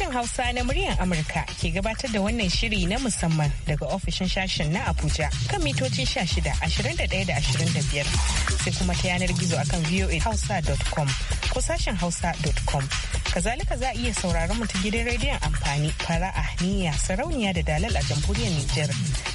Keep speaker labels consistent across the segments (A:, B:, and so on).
A: Sashen Hausa na muryar Amurka ke gabatar da wannan shiri na musamman daga ofishin sashen na Abuja kan mitoci 16, 21 da 25 sai kuma ta yanar gizo akan voahausa.com ko sashen hausa.com. Kazalika za a iya sauraron mu ta gidan rediyon amfani fara'a niyya sarauniya da dalal a jamhuriyar Nijar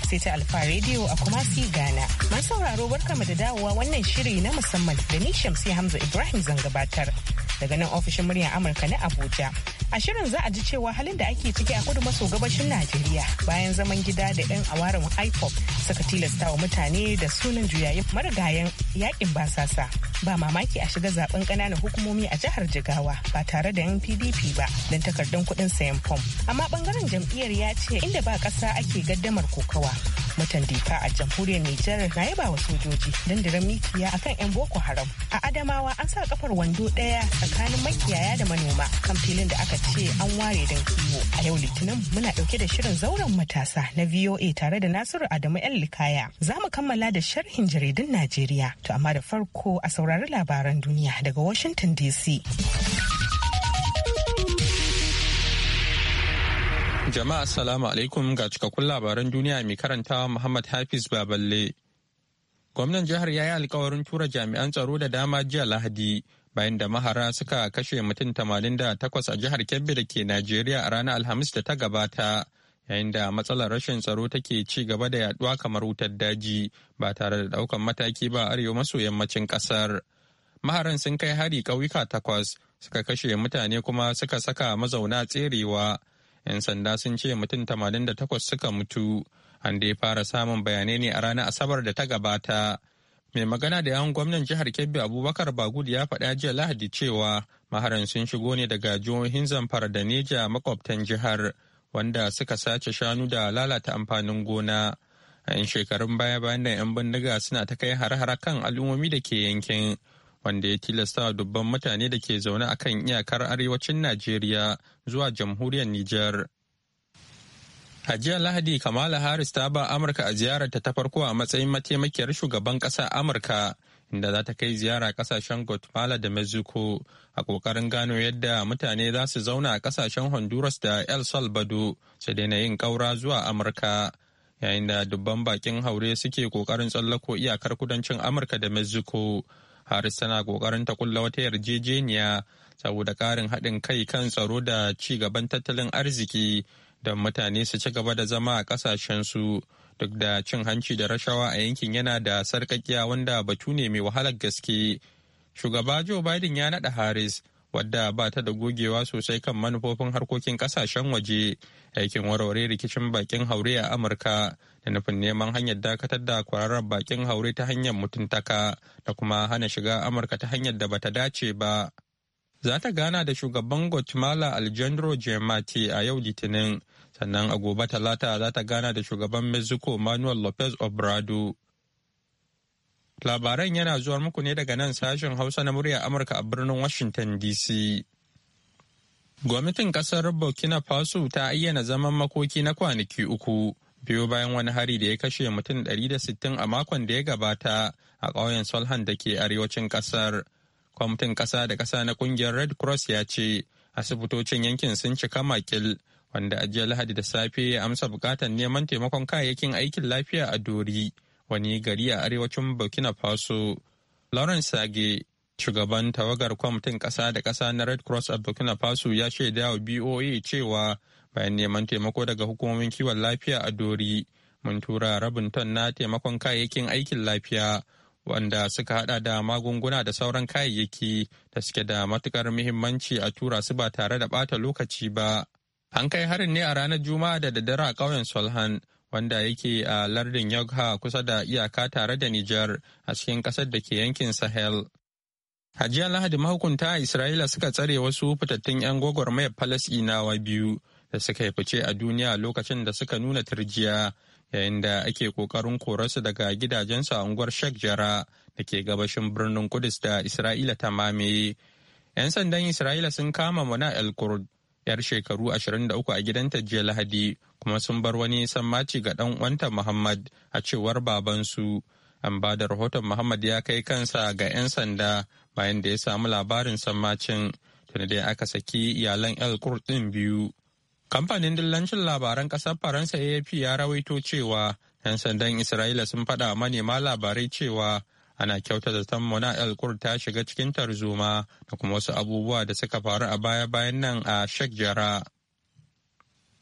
A: sai ta alfa rediyo a kuma si Ghana. Masu sauraro barkamu da dawowa wannan shiri na musamman da ni Shamsi Hamza Ibrahim zan gabatar. daga nan ofishin muryar Amurka na Abuja. A shirin za a ji cewa halin da ake ciki a kudu maso gabashin Najeriya bayan zaman gida da 'yan awarin IPOP suka tilasta wa mutane da sunan juyayin marigayen yakin basasa. ba mamaki a shiga zaben ƙananan hukumomi a jihar jigawa ba tare da yan pdp ba don takardun kuɗin sayan fom amma ɓangaren jam'iyyar ya ce inda ba ƙasa ake gaddamar kokawa mutan dika a jamhuriyar Nijar na yaba wa sojoji dandiran mikiya akan 'yan Boko Haram. A Adamawa an sa kafar wando ɗaya tsakanin makiyaya da manoma kan filin da aka ce an ware don kiwo. A yau Litinin muna ɗauke da shirin zauren matasa na VOA tare da Nasiru Adamu 'yan Likaya. Za mu kammala da sharhin jaridun Najeriya. To amma da farko a saurari saurari labaran duniya daga Washington DC.
B: Jama'a Assalamu alaikum ga cikakkun labaran duniya mai karantawa Muhammad Hafiz Baballe. Gwamnan jihar ya yi alkawarin tura jami'an tsaro da dama jiya Lahadi bayan da mahara suka kashe mutum 88 a jihar Kebbi da ke Najeriya a ranar Alhamis da ta gabata yayin da matsalar rashin tsaro take ci gaba da yaduwa kamar wutar daji ba tare da daukan mataki ba arewa maso yammacin kasar maharan sun kai hari ƙauyuka takwas suka kashe mutane kuma suka saka mazauna tserewa 'yan sanda sun ce mutum tamanin da takwas suka mutu an dai fara samun bayanai ne a ranar asabar da ta gabata mai magana da yawan gwamnan jihar kebbi abubakar bagud ya faɗa jiya lahadi cewa maharan sun shigo ne daga jihohin zamfara da neja makwabtan jihar wanda suka sace shanu da lalata amfanin gona a 'yan shekarun baya bayan da 'yan bindiga suna ta kai har har kan al'ummomi da ke yankin wanda ya tilasta dubban mutane da ke zaune a kan iyakar arewacin Najeriya zuwa jamhuriyar Nijar. A jiya Lahadi, Kamala Harris ta ba Amurka a ziyararta ta farko a matsayin mataimakiyar shugaban ƙasa Amurka da za ta kai ziyara kasashen guatemala da mexico a kokarin gano yadda mutane za su zauna a kasashen honduras da el salvador su daina yin ƙaura zuwa amurka yayin da dubban bakin haure suke kokarin tsallako iyakar kudancin amurka da mexico haris tana kokarin ta kulla wata yarjejeniya saboda ƙarin haɗin kai kan tsaro da ci gaban tattalin arziki don mutane su ci gaba da zama a ƙasashensu duk da cin hanci da rashawa a yankin yana da sarƙaƙiya wanda batu ne mai wahalar gaske shugaba joe biden ya naɗa harris wadda ba ta da gogewa sosai kan manufofin harkokin kasashen waje aikin warware rikicin bakin haure a amurka da nufin neman hanyar dakatar da kwararar bakin haure ta hanyar mutuntaka da kuma hana shiga amurka ta hanyar da bata dace ba za ta gana da shugaban guatemala alejandro gemati a yau litinin sannan a gobe talata za ta gana da shugaban mexico manuel lopez obrado labaran yana zuwa muku ne daga nan sashen hausa na murya amurka a birnin washington dc gwamnatin kasar burkina faso ta ayyana zaman makoki na kwanaki uku biyu bayan wani hari da ya kashe mutum 160 a makon da ya gabata a ƙauyen solhan da ke arewacin kasar kwamitin ƙasa da ƙasa na ƙungiyar red cross ya ce asibitocin yankin sun cika makil wanda a jiya Lahadi da safe ya amsa bukatar neman taimakon kayayyakin aikin lafiya a Dori, wani gari a arewacin Burkina Faso. Lawrence Sage, shugaban tawagar kwamitin ƙasa da ƙasa na Red Cross a Burkina Faso ya shaida wa BOA cewa bayan neman taimako daga hukumomin kiwon lafiya a Dori, mun tura rabin ton na taimakon kayayyakin aikin lafiya wanda suka hada da magunguna da sauran kayayyaki da suke da matukar muhimmanci a tura su ba tare da bata lokaci ba. An kai harin ne a ranar Juma'a da daddare a ƙauyen Solhan, wanda yake a lardin Yogha kusa da iyaka tare da Nijar a cikin ƙasar da ke yankin Sahel. A jiya Lahadi mahukunta a Isra'ila suka tsare wasu fitattun 'yan gwagwarmayar Falasɗinawa biyu da suka yi fice a duniya lokacin da suka nuna turjiya yayin da ake ƙoƙarin korarsu daga gidajensu a unguwar Sheikh Jara da ke gabashin birnin Kudus da Isra'ila ta mamaye. 'Yan sandan Isra'ila sun kama Mona El Kurd yar shekaru 23 a gidanta jiya lahadi kuma sun bar wani sammaci ga dan uwanta muhammad a cewar babansu an ba da rahoton muhammad ya kai kansa ga 'yan sanda bayan da ya samu labarin sammacin tuni dai aka saki iyalan el kurdin biyu kamfanin dillancin labaran kasar faransa afp ya rawaito cewa 'yan sandan isra'ila sun faɗa manema labarai cewa ana kyauta da san mona elkur ta shiga cikin tarzoma da kuma wasu abubuwa da suka faru a baya-bayan nan a shek jara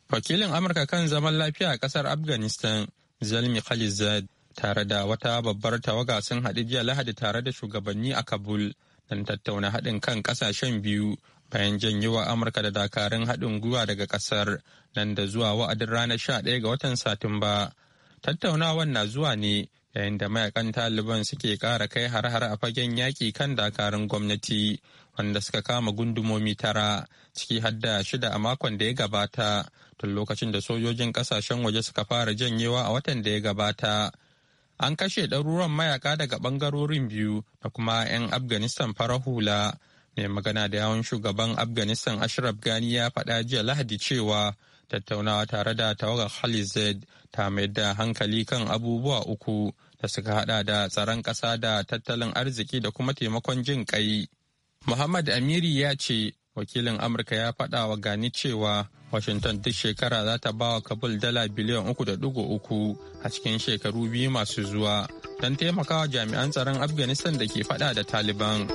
B: wakilin amurka kan zaman lafiya a kasar afghanistan zalmi khalizad tare da wata babbar tawaga sun haɗu jiya lahadi tare da shugabanni a kabul don tattauna haɗin kan ƙasashen biyu bayan janyewa amurka da dakarun haɗin gwiwa daga ƙasar nan da zuwa wa'adin ranar 11 ga watan satumba tattaunawan na zuwa ne yayin da mayakan taliban suke kara kai har-har a fagen yaƙi kan dakarun gwamnati wanda suka kama gundumomi tara ciki har da shida a makon da ya gabata tun lokacin da sojojin kasashen waje suka fara janyewa a watan da ya gabata an kashe ɗaruruwan mayaka daga ɓangarorin biyu da kuma 'yan afghanistan fara hula mai magana da yawon shugaban afghanistan ashraf gani ya faɗa jiya lahadi cewa tattaunawa tare da tawagar halized ta mai da hankali kan abubuwa uku da suka hada da tsaron kasa da tattalin arziki da kuma taimakon jin kai Muhammad Amiri ya ce wakilin Amurka ya fada wa gani cewa Washington duk shekara za ta ba wa Kabul dala biliyan uku da dugu uku a cikin shekaru biyu masu zuwa don taimakawa jami'an tsaron Afghanistan da ke fada da Taliban.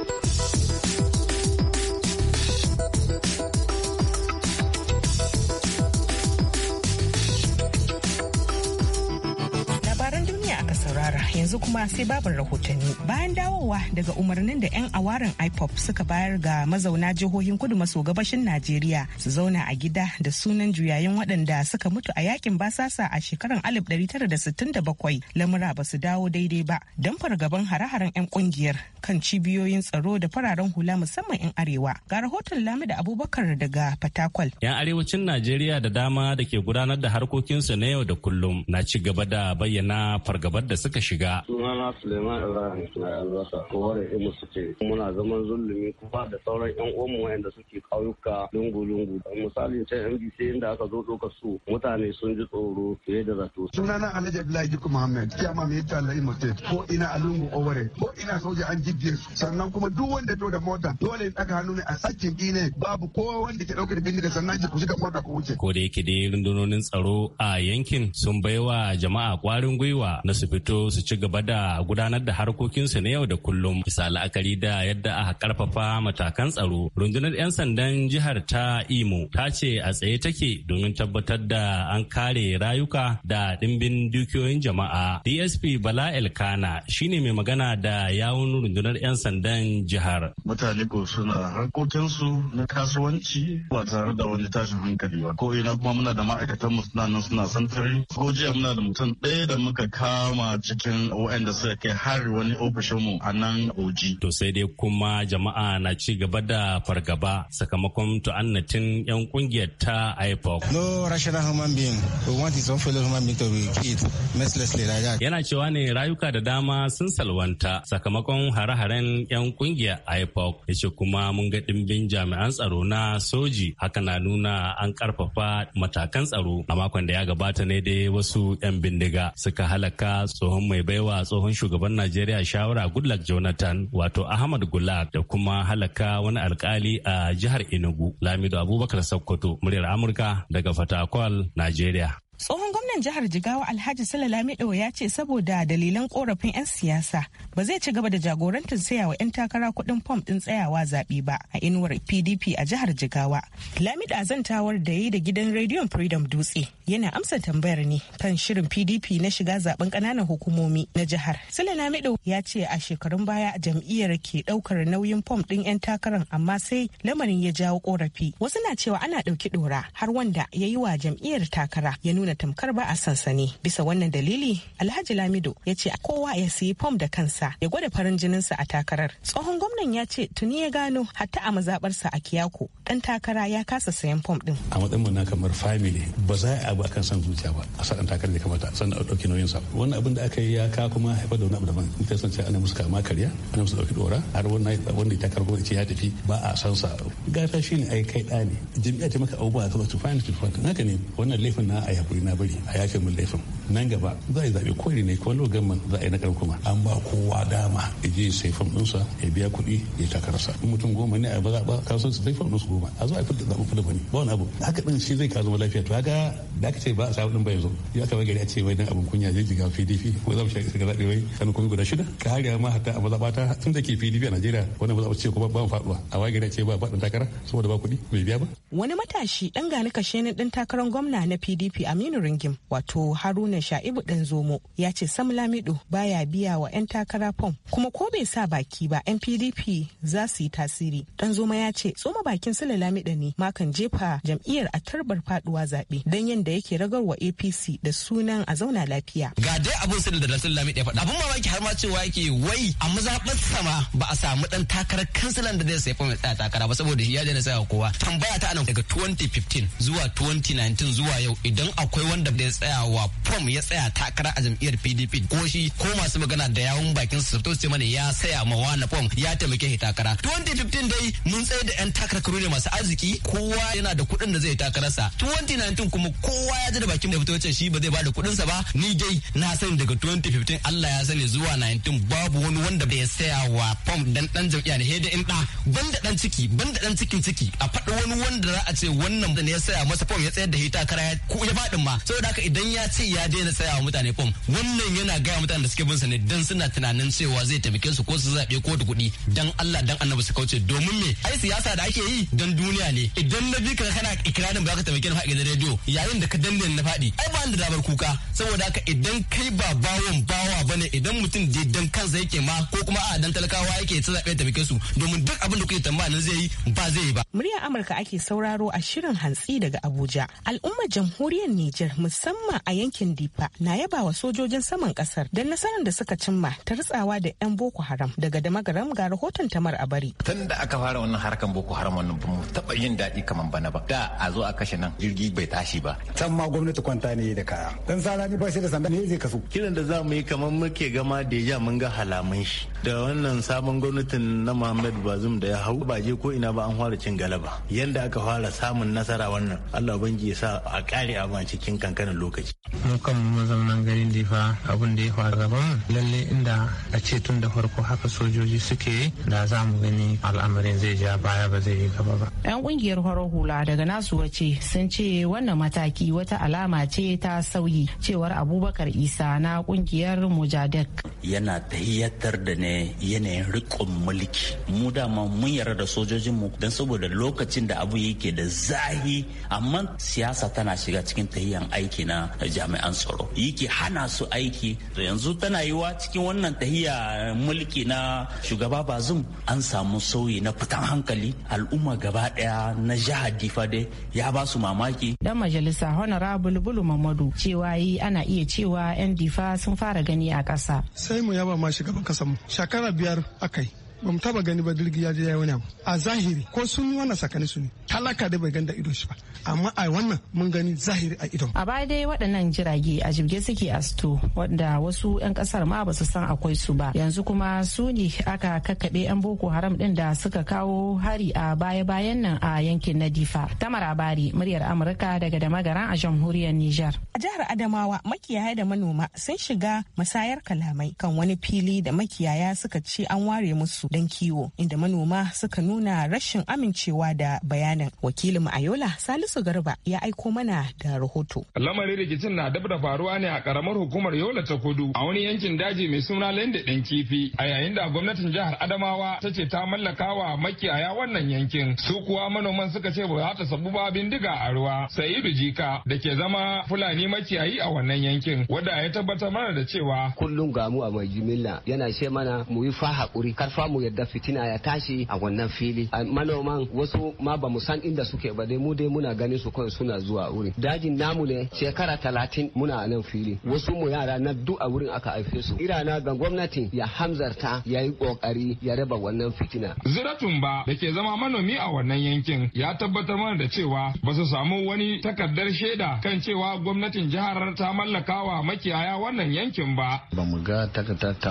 A: yanzu kuma sai babin rahotanni bayan dawowa daga umarnin da 'yan awarin ipop suka bayar ga mazauna jihohin kudu maso gabashin najeriya su zauna a gida da sunan juyayin waɗanda suka mutu a yakin basasa a shekarar 1967 lamura ba su dawo daidai ba don fargaban hare-haren 'yan kungiyar kan cibiyoyin tsaro da fararen hula musamman 'yan arewa ga rahoton lamida abubakar daga
C: fatakwal 'yan arewacin najeriya da dama da ke gudanar da harkokinsu na yau da kullum na ci gaba da bayyana fargabar da suka shiga ga. Sunana Suleiman Ibrahim suna albasa ko da imu ce muna zaman zulumi kuma da sauran yan uwanmu wanda suke kauyuka lungu-lungu. Misali can MBC inda aka zo ɗaukar su mutane sun ji tsoro fiye da zato. Sunana Alhaji Abdullahi
D: Jiku Muhammad kyama mai talla imu state ko ina a lungu Oware ko ina soja an jibge su sannan kuma duk wanda to da mota dole in ɗaga hannu ne a sakin ne babu kowa wanda ke ɗauke da
C: bindiga sannan ku shiga mota ku wuce. Ko da yake dai rundunonin tsaro a yankin sun baiwa jama'a kwarin gwiwa na su fito su ci gaba da gudanar da harkokinsu na yau da kullum bisa la'akari da yadda aka karfafa matakan tsaro rundunar 'yan sandan jihar ta imo ta ce a tsaye take domin tabbatar da an kare rayuka da dimbin dukiyoyin jama'a dsp bala elkana shine mai magana da yawun rundunar 'yan sandan jihar mutane ko suna harkokinsu na kasuwanci ba tare da wani tashin hankali ba ko ina kuma muna da ma'aikatan mu suna nan suna santari ko jiya muna
E: da mutum ɗaya da muka kama cikin hannun waɗanda suka kai har wani ofishin mu a nan Oji.
C: To sai dai kuma jama'a na ci gaba da fargaba sakamakon ta'annatin 'yan kungiyar ta IPOC. No rational human being we want his own fellow human
D: being to be killed
C: mercilessly like that. Yana cewa ne rayuka da dama sun salwanta sakamakon hare-haren 'yan kungiyar IPOC. Ya ce kuma mun ga ɗimbin jami'an tsaro na soji haka na nuna an karfafa matakan tsaro a makon da ya gabata ne dai wasu 'yan bindiga suka halaka tsohon mai baiwa tsohon shugaban Najeriya shawara Goodluck Jonathan wato Ahmad Goodluck da kuma halaka wani alkali a jihar Enugu. Lamido Abubakar Sokoto muryar Amurka daga Fatakwal, Najeriya.
A: Tsohon gwamnan jihar Jigawa Alhaji salalami Lamido ya ce saboda dalilan korafin 'yan siyasa ba zai ci gaba da jagorantar sayawa 'yan takara kuɗin fom ɗin tsayawa zaɓe ba a inuwar PDP a jihar Jigawa. Lamido azantawar da ya yi da gidan rediyon Freedom Dutse yana amsa tambayar ne kan shirin PDP na shiga zaben ƙananan hukumomi na jihar. salalami Lamido ya ce a shekarun baya jam'iyyar ke ɗaukar nauyin fom ɗin 'yan takarar amma sai lamarin ya jawo korafi. Wasu na cewa ana ɗauki ɗora har wanda ya yi wa jam'iyyar takara ya nuna nuna tamkar ba a sansani bisa wannan dalili alhaji lamido ya ce kowa ya siyi fom da kansa ya gwada farin jininsa a takarar tsohon gwamnan ya ce tuni ya gano hatta a mazabarsa a kiyako dan takara ya kasa sayan fom din
C: a matsayin mu na kamar family ba za a abu akan san zuciya ba a sa dan takarar da kamata sannan a dauki nauyin sa wannan abin da aka yi ya ka kuma haifa da wani abu daban in ta san ana musu kama karya ana musu dauki dora har wannan wanda ya takarar gwamnati ya tafi ba a san sa gata shine ai kai da ne jami'a ta maka abubuwa ka ba to find to find haka ne wannan laifin na ayyuka bari na bari a yakin mun laifin nan gaba za a yi zaɓe kori ne ko logan man za a yi na kuma an ba kowa dama ya je sai fam ɗinsa ya biya kuɗi ya takararsa in mutum goma ne a ba za a zaɓa kasuwan su sai fam ɗinsu goma a zo a fita zaɓa fita bane ba wani abu haka ɗin shi zai kawo lafiya to haka da aka ce ba a sa ɗin ba ya zo ya kama gari a ce wai dan abin kunya zai jiga pdp ko za mu shiga zaɓe wai kan kuma guda shida ka har ma hatta a mazaɓata tun da ke pdp a najeriya wani ba za a ce ko ba mu faɗuwa a wai gari a ce ba faɗin takara saboda ba kuɗi bai biya ba.
A: wani matashi ɗan gani kashe ne ɗin takarar gwamna na pdp amin Aminu Ringim wato Haruna Sha'ibu dan zomo ya ce Sam Lamido baya biya wa 'yan takara fom kuma ko bai sa baki ba 'yan PDP za su yi tasiri. Dan zoma ya ce tsoma bakin Sule Lamido ne makan jefa jam'iyyar a tarbar faduwa zaɓe don yadda yake ragar wa APC da sunan a zauna lafiya.
F: Ga dai abin sun da Sule Lamido ya faɗa abin mamaki har ma cewa yake wai a mazaɓar sama ba a samu ɗan takarar kansilan da zai sai fom ya takara ba saboda shi ya daina sa kowa. Tambaya ta anan daga 2015 zuwa 2019 zuwa yau idan akwai akwai wanda bai tsaya wa pom ya tsaya takara a jam'iyyar pdp ko shi ko masu magana da yawun bakin su to sai mana ya saya ma wani pom ya taimake shi takara 2015 dai mun tsaya da yan takarkaru ne masu arziki kowa yana da kuɗin da zai takara sa 2019 kuma kowa ya ji da bakin da fitowacin shi ba zai ba da kuɗin sa ba ni dai na sani daga 2015 Allah ya sani zuwa 19 babu wani wanda bai ya saya wa pom dan dan jam'iyya ne da in da banda dan ciki banda dan cikin ciki a faɗi wani wanda za a ce wannan da ne ya saya masa pom ya tsayar da shi takara ko ya faɗin saboda haka idan ya ce ya daina tsayawa mutane fom wannan yana gaya mutane da suke bin sa ne dan suna tunanin cewa zai taimake su ko su zaɓe ko da kuɗi dan Allah dan annabi su kauce domin me ai siyasa da ake yi dan duniya ne idan na bi ka kana ikirarin ba ka taimake na da rediyo yayin da ka danne na faɗi ai ba da dabar kuka saboda haka idan kai ba bawon bawa bane idan mutum da dan kansa yake ma ko kuma a dan talakawa yake ta zaɓe taimake su domin duk abin da kuke tambaya nan zai yi ba zai yi ba.
A: Muryar Amurka ake sauraro a shirin hantsi daga Abuja. Al'ummar jamhuriyar ne Nijar musamman a yankin Difa na yaba wa sojojin saman kasar dan nasarar da suka cimma ta ritsawa da 'yan Boko Haram daga Damagaram ga rahoton Tamar Abari.
F: Tun da aka fara wannan harkan Boko Haram wannan ba mu taɓa yin daɗi kaman bana ba. Da
C: a zo a kashe nan jirgi bai tashi ba.
F: Can ma gwamnati kwanta ne da kaya. Dan sala ni ba sai da sanda ne
G: zai kasu.
C: Kiran da za mu yi kaman muke gama da ya mun ga halaman shi. Da wannan sabon gwamnatin
G: na Muhammad Bazum da ya hau ba je ko ina ba an fara cin galaba. Yanda aka fara samun nasara wannan Allah ubangi ya sa a kare a cikin kankanin lokaci.
B: mu kan mazaunan garin difa abin da ya faru gaban lalle inda a ce tun da farko haka sojoji suke da za mu gani al'amarin zai ja baya ba zai yi gaba ba.
A: yan kungiyar horo hula daga nasu wace sun ce wannan mataki wata alama ce ta sauyi cewar abubakar isa na kungiyar mujadek.
C: yana tahiyyatar da ne yanayin rikon mulki mu dama mun yarda da sojojinmu don saboda lokacin da abu yake da zahi amma siyasa tana shiga cikin tahiyyatar tahiyan aiki na jami'an tsaro yake hana su aiki yanzu tana yiwa cikin wannan tahiya mulki na shugaba bazum an samu sauyi na fitan hankali al'umma gaba daya na jihar difa dai ya ba su mamaki
A: dan majalisa honorable bulu mamadu cewa yi ana iya cewa yan difa sun fara gani a ƙasa sai mu yaba ma shugaban mu shakara biyar akai
H: ba mu taba gani ba dirgi ya je ya wani abu a zahiri ko sun yi wannan sakani su ne talaka da bai ganda ido shi
A: ba amma a wannan mun gani zahiri a ido. a baya dai waɗannan jirage a jirge suke a sito wanda wasu 'yan kasar ma ba su san akwai su ba yanzu kuma su ne aka kakkaɓe 'yan boko haram din da suka kawo hari a baya-bayan nan a yankin na difa tamara muryar amurka daga magaran a jamhuriyar nijar a jihar adamawa makiyaya da manoma sun shiga musayar kalamai kan wani fili da makiyaya suka ci an ware musu don kiwo inda manoma suka nuna rashin amincewa da bayanin wakilin ayola salisu garba ya aiko mana da rahoto
D: lamarin rikicin na dab da faruwa ne a karamar hukumar yola ta kudu a wani yankin daji mai suna lende ɗin kifi a yayin da gwamnatin jihar adamawa ta ce ta mallaka wa makiyaya wannan yankin su kuwa manoman suka ce ba za ta sabu ba bindiga a ruwa sa'idu jika da ke zama fulani makiyayi a wannan yankin
F: wadda ya tabbatar mana da cewa kullum gamu a mai jimilla yana ce mana mu yi fa hakuri karfa mu mu yadda fitina ya tashi a wannan fili manoman wasu ma ba mu san inda suke ba dai mu dai muna ganin su kawai suna zuwa wuri dajin namu ne shekara talatin muna nan fili wasu mu yara na duk a wurin aka haife su irana ga gwamnati ya hamzarta ya yi kokari ya raba wannan fitina
D: ziratun ba da ke zama manomi a wannan yankin ya tabbatar mana da cewa ba su samu wani takardar shaida kan cewa gwamnatin jihar ta mallaka wa makiyaya wannan yankin ba
C: ba mu ga takardar ta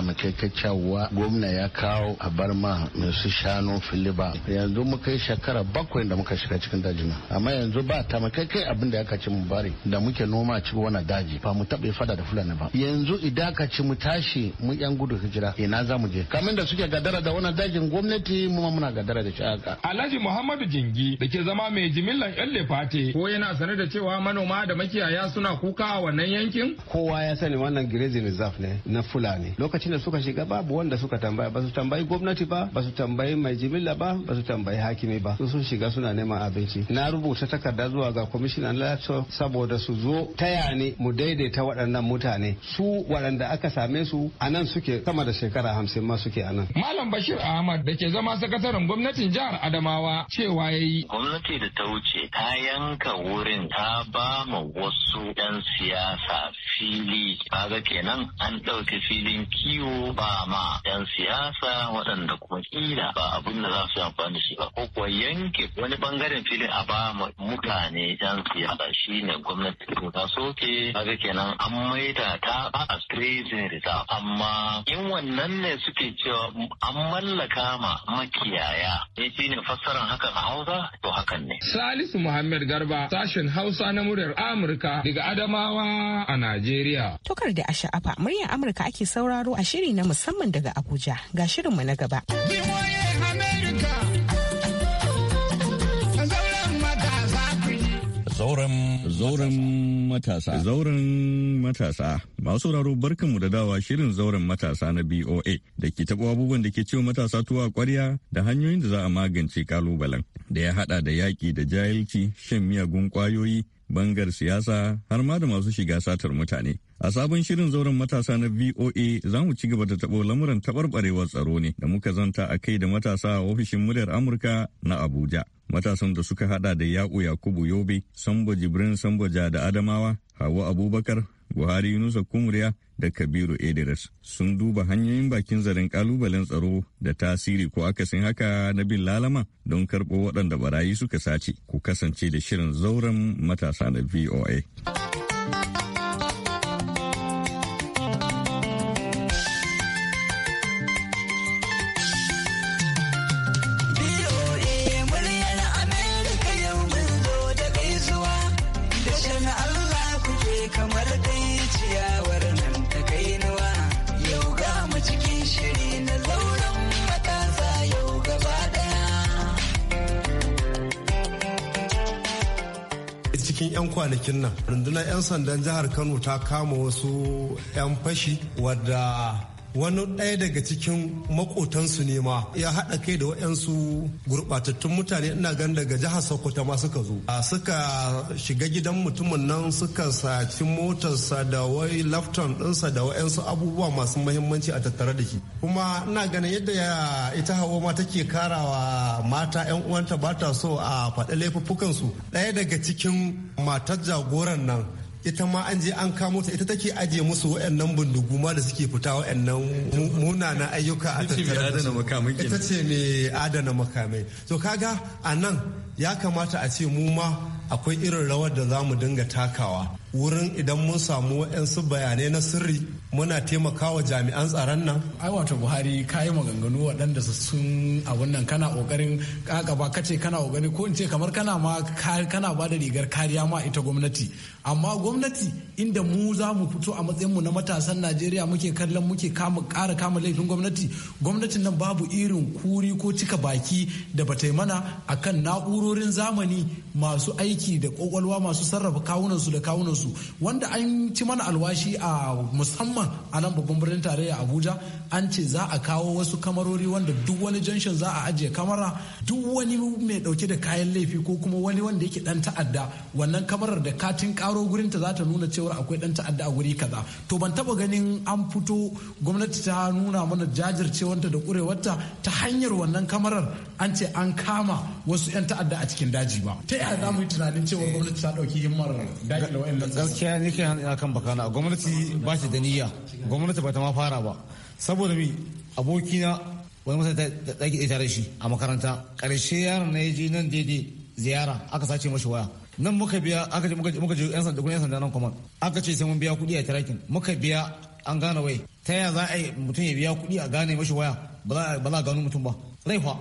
C: gwamna ya kawo a. ma mai su shanu ba. yanzu muka yi shekara bakwai da muka shiga cikin dajin amma yanzu ba ta kai kai abin da aka ci mu bari da muke noma a cikin daji ba mu taɓa fada da fulani ba yanzu idan ka ci mu tashi mu yan gudu hijira ina za mu je kamin da suke gadara da wani dajin gwamnati mu ma muna gadara da shi haka
D: Alhaji Muhammadu Jingi da ke zama mai jimillan yan lefate ko yana sane da cewa manoma da makiyaya suna kuka a wannan yankin
H: kowa ya sani wannan grazing reserve ne na fulani lokacin da suka shiga babu wanda suka tambaya ba su tambayi gwamnati gwamnati ba ba su tambayi mai jimilla ba ba su tambayi hakimi ba sun shiga suna neman abinci na rubuta takarda zuwa ga kwamishinan lato saboda su zo taya ne mu daidaita waɗannan mutane su waɗanda aka same su a nan suke sama da shekara hamsin ma suke a nan.
D: malam bashir ahmad da ke zama sakataren gwamnatin jihar adamawa cewa ya yi.
H: gwamnati da ta wuce ta yanka wurin ta ba ma wasu 'yan siyasa fili kaga kenan an ɗauki filin kiwo ba ma 'yan siyasa waɗanda da kuma kila ba abin da za su yi amfani shi ba ko kuwa yanke wani bangaren filin a ba mutane yan siyasa shi ne gwamnati ko ta soke kenan an maida ta a grazing reserve amma in wannan ne suke cewa an mallaka ma makiyaya ne eh, shi ne fassarar hakan a hausa to hakan ne.
D: Salisu Muhammad Garba sashen Hausa na muryar Amurka daga Adamawa a Najeriya.
A: tukar da a sha'afa muryar Amurka ake sauraro a shiri na musamman daga Abuja ga shirinmu na gaba.
E: Zauren matasa. Zauren matasa. Masu sauraro barkanmu da dawa shirin zauren matasa na BOA da ke tabo abubuwan da ke cewa matasa tuwa kwarya da hanyoyin da za a magance kalubalen da ya haɗa da yaki da jahilci, shan miyagun ƙwayoyi, bangar siyasa har ma da masu shiga satar mutane. A sabon shirin zauren matasa na VOA za mu ci gaba da taɓo lamuran taɓarɓarewar tsaro ne da muka zanta a kai da matasa a ofishin muryar Amurka na Abuja. matasan da suka hada da yaƙo yakubu yobe sambo jibrin samboja da adamawa hawa abubakar buhari yunusa kumriya da kabiru edirus sun duba hanyoyin bakin zaren kalubalen tsaro da tasiri ko akasin haka na bin lalama don karɓo waɗanda barayi suka sace ku kasance da shirin zauren matasa na voa
H: kwanakin nan rundunar 'yan sandan jihar kano ta kama wasu 'yan fashi wadda wani ɗaya daga cikin makotansu ne ma ya haɗa kai da waɗansu gurɓatattun mutane ina gan daga jihar sokoto ma suka zo suka shiga gidan mutumin nan suka saci motarsa da wai lafton ɗinsa da waɗansu abubuwa masu mahimmanci a tattare da shi kuma ina ganin yadda ya ita hawa ma take karawa mata yan uwanta ba ta so a faɗi laifuffukansu ɗaya daga cikin matar jagoran nan ita ma an je an kamo ta ita take ajiye musu waɗannan bindigu ma da suke fita waɗannan munana ayyuka a tattare ita ce mai adana makamai to kaga a nan ya kamata a ce mu ma akwai irin rawar da za mu dinga takawa wurin idan mun samu wa'yansu bayanai na sirri muna taimakawa jami'an tsaron nan. Ai wato Buhari ka yi maganganu waɗanda sun
I: a wannan kana ƙoƙarin ƙaƙaba ka ce kana ƙoƙarin ko in ce kamar kana ma kana ba da rigar kariya ma ita gwamnati. Amma gwamnati inda mu za mu fito a matsayin mu na matasan Najeriya muke kallon muke kama ƙara kama laifin gwamnati. Gwamnatin nan babu irin kuri ko cika baki da ba ta yi mana akan na'urorin zamani masu aiki da ƙwaƙwalwa masu sarrafa kawunansu da kawunan su wanda an ci mana alwashi a musamman a nan babban birnin tarayya abuja an ce za a kawo wasu kamarori wanda duk wani junction za a ajiye kamara duk wani mai dauke da kayan laifi ko kuma wani wanda yake dan ta'adda wannan kamarar da katin karo gurin ta za ta nuna cewa akwai dan ta'adda a guri kaza to ban taba ganin an fito gwamnati ta nuna mana jajircewanta da kurewarta ta hanyar wannan kamarar an ce an kama wasu yan ta'adda a cikin daji ba ta yaya za mu yi tunanin cewa gwamnati ta dauki himmar
H: da gaskiya ne kai hannu kan bakana gwamnati ba shi da niyya gwamnati ba ta ma fara ba saboda mi abokina wani masa ta ɗaki tare shi a makaranta karshe yaron na ya je nan daidai ziyara aka sace mashi waya nan muka biya aka muka je yan sanda yan sanda nan kuma aka ce sai mun biya kuɗi a tirakin muka biya an gane wai ta yaya za a yi mutum ya biya kuɗi a gane mashi waya ba za a gano mutum ba
I: laifa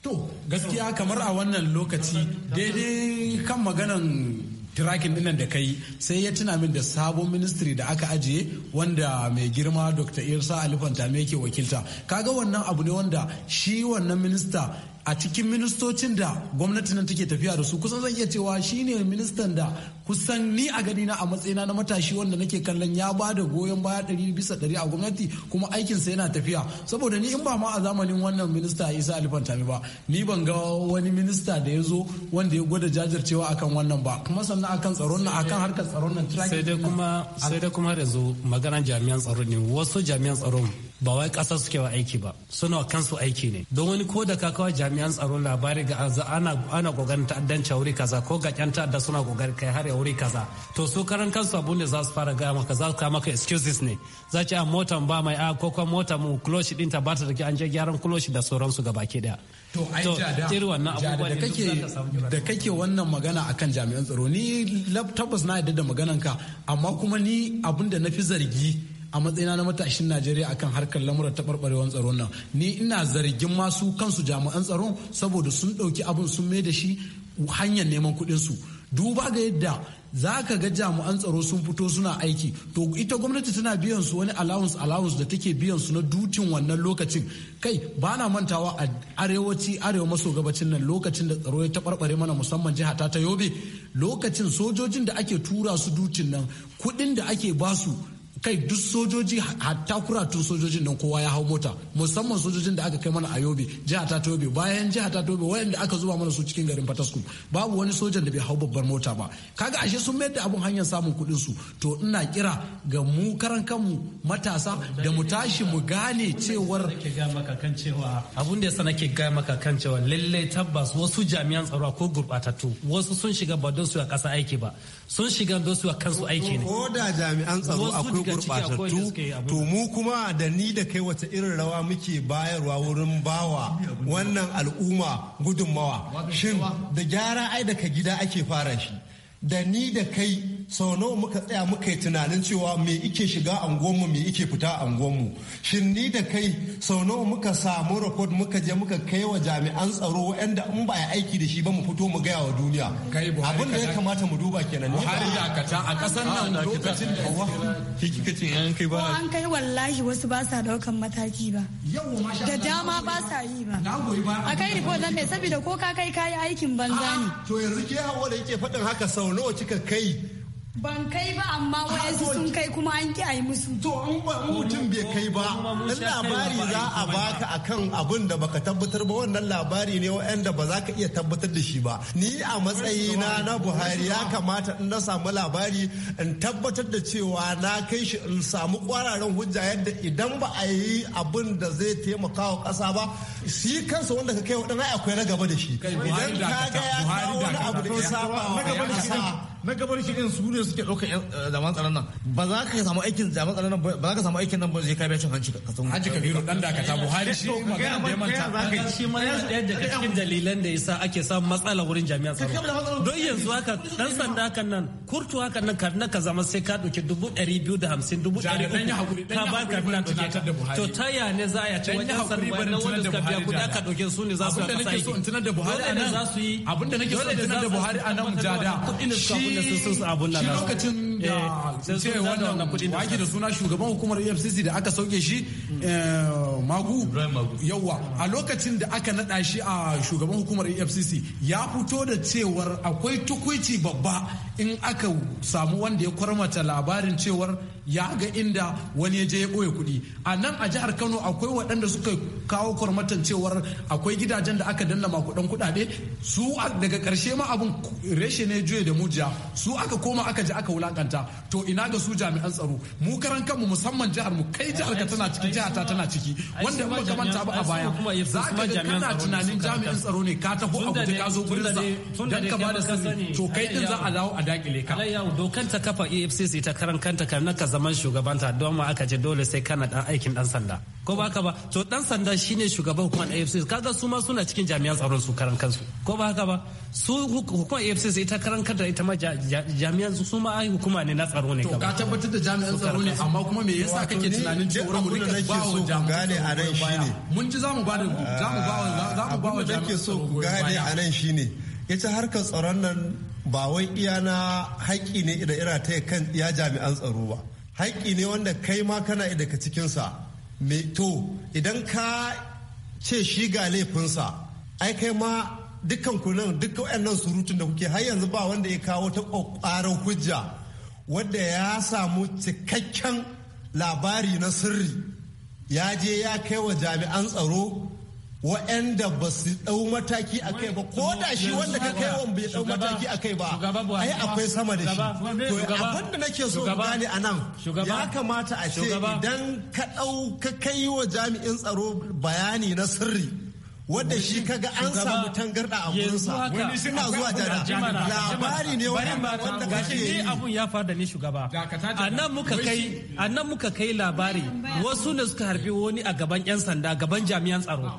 I: To gaskiya kamar a wannan lokaci daidai kan maganan tirakin dinnan da kai sai ya tuna min da sabon ministry da aka ajiye wanda mai girma Dr. Irsa Ali Fantame ke wakilta kaga wannan abu ne wanda shi wannan minista a cikin ministocin da gwamnati nan take tafiya da su kusan zan iya cewa shine ministan da kusan ni a gani na a matsayina na matashi wanda nake kallon ya ba da goyon baya ɗari bisa ɗari a gwamnati kuma aikinsa yana tafiya saboda ni in ba ma a zamanin wannan minista isa alifan tami ba ni ban ga wani minista da ya zo wanda ya gwada jajircewa akan wannan ba kuma sannan akan tsaron nan akan harkar tsaron nan sai dai kuma sai
J: dai kuma da zo maganar jami'an tsaron ne wasu jami'an tsaron ba wai ƙasa suke wa aiki ba suna kansu aiki ne don wani ko da ka kawai jami'an tsaro labari ga ana ana kokarin ta'addanci wuri kaza ko ga ƴan ta'adda suna kokarin kai har ya wuri kaza to su karan kansu abun da za su fara gaya maka za su kawo maka excuses ne za ce a mota ba mai a ko kuma mota mu kuloshi din ta bata da an je gyaran kuloshi da sauransu gaba ke daya to
I: ai jada da kake da kake wannan magana akan jami'an tsaro ni tabbas na yadda da maganan ka amma kuma ni abun da na fi zargi a matsayina na matashin najeriya akan harkar lamurar taɓarɓarewar tsaron nan ni ina zargin masu kansu jami'an tsaron saboda sun ɗauki abin sun mai da shi hanyar neman kuɗin su duba ga yadda za ka ga jami'an tsaro sun fito suna aiki to ita gwamnati tana biyan su wani allowance allowance da take biyan su na dutin wannan lokacin kai ba na mantawa a arewaci arewa maso gabacin nan lokacin da tsaro ya taɓarɓare mana musamman jiha ta ta yobe lokacin sojojin da ake tura su dutin nan kuɗin da ake basu kai duk sojoji hatta tun sojojin nan kowa ya hau mota musamman sojojin da aka kai mana a yobe jiha ta tobe bayan jiha ta tobe wayanda aka zuba mana su cikin garin fataskum babu wani sojan da bai hau babbar mota ba kaga ashe sun mayar da abun hanyar samun kuɗin su to ina kira ga mu karan kanmu matasa da mu tashi mu gane cewar abun da yasa nake
J: ga maka kan cewa lallai tabbas wasu jami'an tsaro ko gurbatattu wasu sun shiga ba don su a ƙasa aiki ba sun shiga don su a kansu aiki ne ko da jami'an tsaro akwai gurbatattu
H: to mu kuma da ni da kai wata irin rawa muke bayarwa wurin bawa wannan al'umma gudunmawa shin da gyara ai daga gida ake fara shi da ni da kai sau nawa muka tsaya muka yi tunanin cewa me ike shiga angonmu me ike fita angonmu shin ni da kai sau nawa muka samu rakot muka je muka kai wa jami'an tsaro waɗanda in ba a aiki da shi ba mu fito mu gaya wa duniya abin da ya kamata mu duba kenan ne ba a kasan nan ah, lokacin da
E: kika ce an kai ba
A: an kai wallahi wasu ba sa daukan mataki ba da dama ba sa yi ba
F: a kai report nan ne saboda ko ka kai kayi aikin banza ne ah,
H: to yanzu ke hawa da yake faɗin haka sau nawa kika kai
F: ban kai ba amma wa'yansu sun kai kuma an ki a musu to
H: mutum bai kai ba in labari za a baka akan abin da baka tabbatar ba wannan labari ne waɗanda ba za ka iya tabbatar da shi ba ni a matsayina na buhari ya kamata in na samu labari in tabbatar da cewa na kai shi in samu kwararen hujja yadda idan ba a yi abin da zai taimaka wa ƙasa ba shi kansa wanda ka kai waɗanda akwai na gaba da shi idan ka ga ya kawo wani abu da ya saba gaba ya shi na gabar shi din su ne suke ɗaukar eh, zaman tsaron nan ba za ka samu aikin zaman tsaron nan ba za ka samu aikin nan ba zai kai bacin hanci ka san hanci ka biro dan dakata Buhari shi magana da ya manta shi
J: ma ya ɗaya daga cikin dalilan da yasa ake samun matsala wurin jami'an tsaro don yanzu haka dan sanda kan nan kurtu haka nan karna ka zama sai ka ɗauki dubu ɗari biyu da hamsin dubu ɗari uku ka ba ka na ɗauke to ta ya ne za a yace wajen sarwa na wanda suka biya da kuɗi aka ɗauke su ne za su yi abinda nake so in da Buhari a nan abinda nake so in da Buhari a nan jada
I: shi lokacin da eh, ce wannan wake da suna shugaban hukumar EFCC da aka sauke shi eh, magu yawa a lokacin da aka naɗa shi a shugaban hukumar EFCC ya fito da cewar akwai tukuici babba in aka samu wanda ya kwarmata labarin cewar ya ga inda wani ya je ya ɓoye kuɗi a nan a jihar kano akwai waɗanda suka kawo kwarmatan cewar akwai gidajen da aka danna makudan kuɗaɗe su daga ƙarshe ma abin reshe ne juya da mujiya su aka koma aka ji aka wulakanta to ina ga su jami'an tsaro mu karan kanmu musamman jihar mu kai jihar ka tana ciki jihar ta tana ciki wanda in baka manta ba a baya za ka ga kana tunanin jami'an tsaro ne ka taho a guje ka zo gurin sa dan ka bada sani to kai din za a
J: dawo a dakile ka dokar ta kafa afcc e ta karan kanta kan ka zaman ta don ma aka ce dole sai kana dan aikin dan sanda ko ba haka ba to dan sanda shine shugaban hukumar AFC kaga su ma suna cikin jami'an tsaron su karan kansu ko ba haka ba su hukumar AFC ita karan kanta ita ma jami'an su ma ai hukuma ne na tsaro ne to ka tabbatar da jami'an tsaro ne amma kuma me yasa
I: kake tunanin
H: cewa mu rika ba wa gane a nan shine mun ji zamu ba da zamu ba zamu ba wa jami'an so ku gane a nan shine ita harkar tsaron nan ba wai iya na haƙƙi ne da ira ta kan iya jami'an tsaro ba haƙƙi ne wanda kai ma kana daga cikinsa mai to idan ka ce shi ga laifinsa ai kai ma dukkan ku nan dukkan wayannan surutun da kuke har yanzu ba wanda ya kawo ta ƙwaƙwaran hujja wadda ya samu cikakken labari na sirri ya je ya kai wa jami'an tsaro wa'anda ba su dau mataki a kai ba ko da shi wanda ka kai wan bai dau mataki a kai ba ai akwai sama da shi to abin da nake so gane a nan ya kamata a ce idan ka dau ka kai wa jami'in tsaro bayani na sirri wadda shi kaga an samu tangarda a gurinsa suna zuwa jada labari ne wanda kake yi abun
J: ya fada ne shugaba anan muka kai anan muka kai labari wasu ne suka harbi wani a gaban yan sanda gaban jami'an tsaro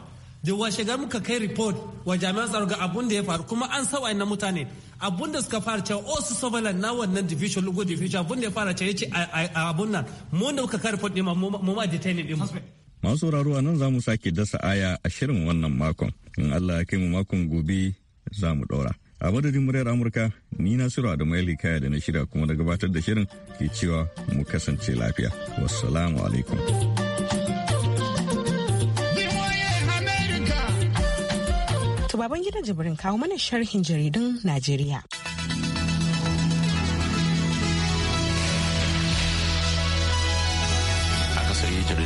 J: da washe gar muka kai report wa jami'an tsaro ga abun da ya faru kuma an sa na mutane abun da suka fara cewa osu oh, sovelan na wannan division lugu division abun da ya fara cewa ce a abun nan mu da muka kai report ɗima mu ma detaining din
E: masu sauraro nan za mu sake dasa aya a shirin wannan makon in Allah ya kai mu makon gobe za mu ɗora a madadin muryar amurka ni na sura da maili kaya da na shirya kuma da gabatar da shirin ke cewa mu kasance lafiya wassalamu alaikum
A: To baban gidan jibrin kawo mana sharhin jaridun Najeriya.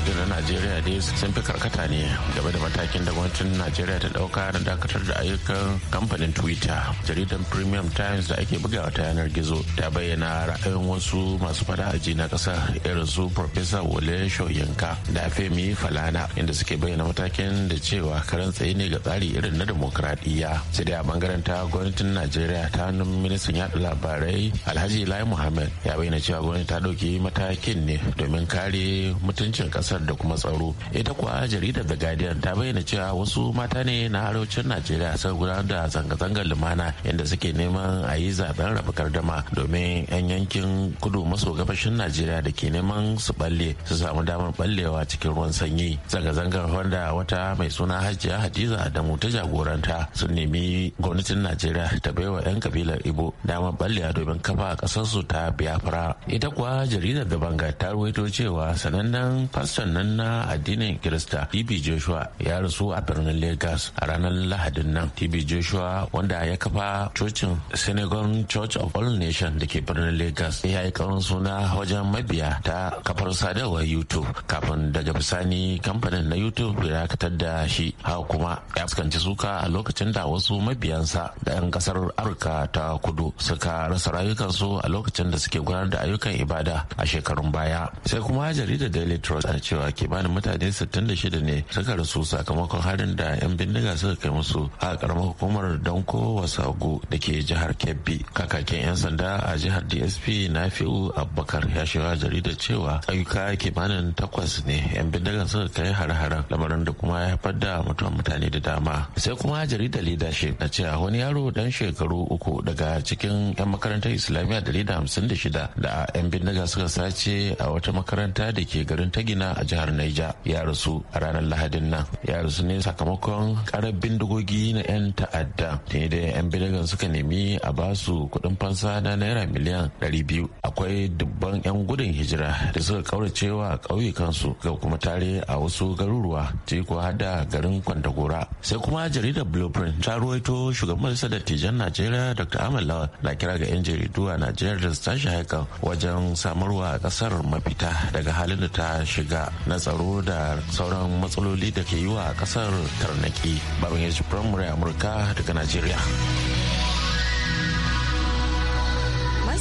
G: da na najeriya dai sun fi karkata ne game da matakin da gwamnatin najeriya ta dauka na dakatar da ayyukan kamfanin twitter jaridan premium times da ake bugawa ta yanar gizo ta bayyana ra'ayin wasu masu fada aji na kasa irin su professor wole shoyinka da femi falana inda suke bayyana matakin da cewa karan tsaye ne ga tsari irin na demokradiyya sai dai a bangaren ta gwamnatin najeriya ta hannun ministan yaɗa labarai alhaji lai muhammad ya bayyana cewa gwamnati ta dauki matakin ne domin kare mutuncin kasa kasar da kuma tsaro ita kuwa jaridar the guardian ta bayyana cewa wasu mata ne na arewacin najeriya sun gudanar da zanga-zangar lumana inda suke neman a yi zaben raba gardama domin 'yan yankin kudu maso gabashin najeriya da ke neman su balle su samu damar ballewa cikin ruwan sanyi zanga-zangar wanda wata mai suna hajiya hadiza adamu ta jagoranta sun nemi gwamnatin najeriya ta baiwa 'yan kabilar ibo damar ballewa domin kafa kasarsu ta biafra ita kuwa jaridar da banga ta ruwaito cewa sanannen pastor sannan na addinin kirista tb joshua ya rasu a birnin Legas a ranar lahadin nan tb joshua wanda ya kafa cocin Senegal church of all Nations da ke birnin Legas, ya yi karin suna wajen mabiya ta kafar sadarwar youtube kafin daga bisani kamfanin na youtube ya fitar da shi ha kuma ya fuskanci suka a lokacin da wasu mabiyansa da 'yan kasar arka ta kudu suka rasa rayukansu a lokacin da suke gudanar da ayyukan ibada a shekarun baya sai kuma jaridar daily trust cewa kimanin mutane 66 ne suka rasu sakamakon harin da 'yan bindiga suka kai musu a karamar hukumar danko Sagu da ke jihar kebbi kakakin 'yan sanda a jihar dsp nafi'u abubakar ya shiga jaridar cewa ayyuka kimanin takwas ne 'yan bindigan suka kai har-haren lamarin da kuma ya haifar da mutuwan mutane da dama sai kuma jaridar leadership na cewa wani yaro dan shekaru uku daga cikin 'yan makarantar islamiyya 156 da 'yan bindiga suka sace a wata makaranta da ke garin tagina a jihar Niger ya rasu a ranar Lahadin nan. Ya rasu ne sakamakon karar bindigogi na 'yan ta'adda. Ne da 'yan bindigan suka nemi a basu kuɗin fansa na naira miliyan 200. Akwai dubban 'yan gudun hijira da suka kauracewa a ƙauyukansu ga kuma tare a wasu garuruwa ciki ko hada garin Kwandagora. Sai kuma jaridar Blueprint ta ruwaito shugaban majalisar dattijan Najeriya Dr. Ahmed Lawal na kira ga 'yan jaridu a Najeriya da su tashi haikan wajen samarwa kasar mafita daga halin da ta shiga na tsaro da sauran matsaloli da ke yi wa kasar tarnaki babban yaji firamare amurka daga najeriya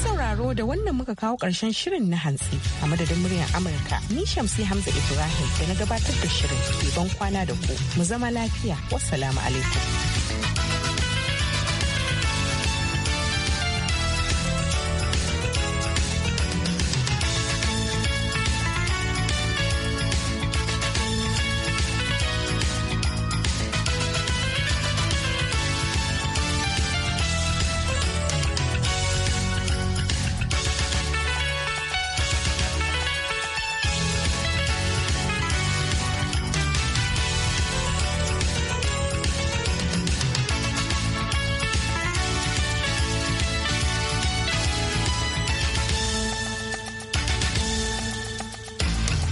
A: sauraro da wannan muka kawo ƙarshen shirin na hantsi a madadin muryar amurka ni shamsi hamza ibrahim da na gabatar da shirin ban kwana da ku mu zama lafiya wasu alaikum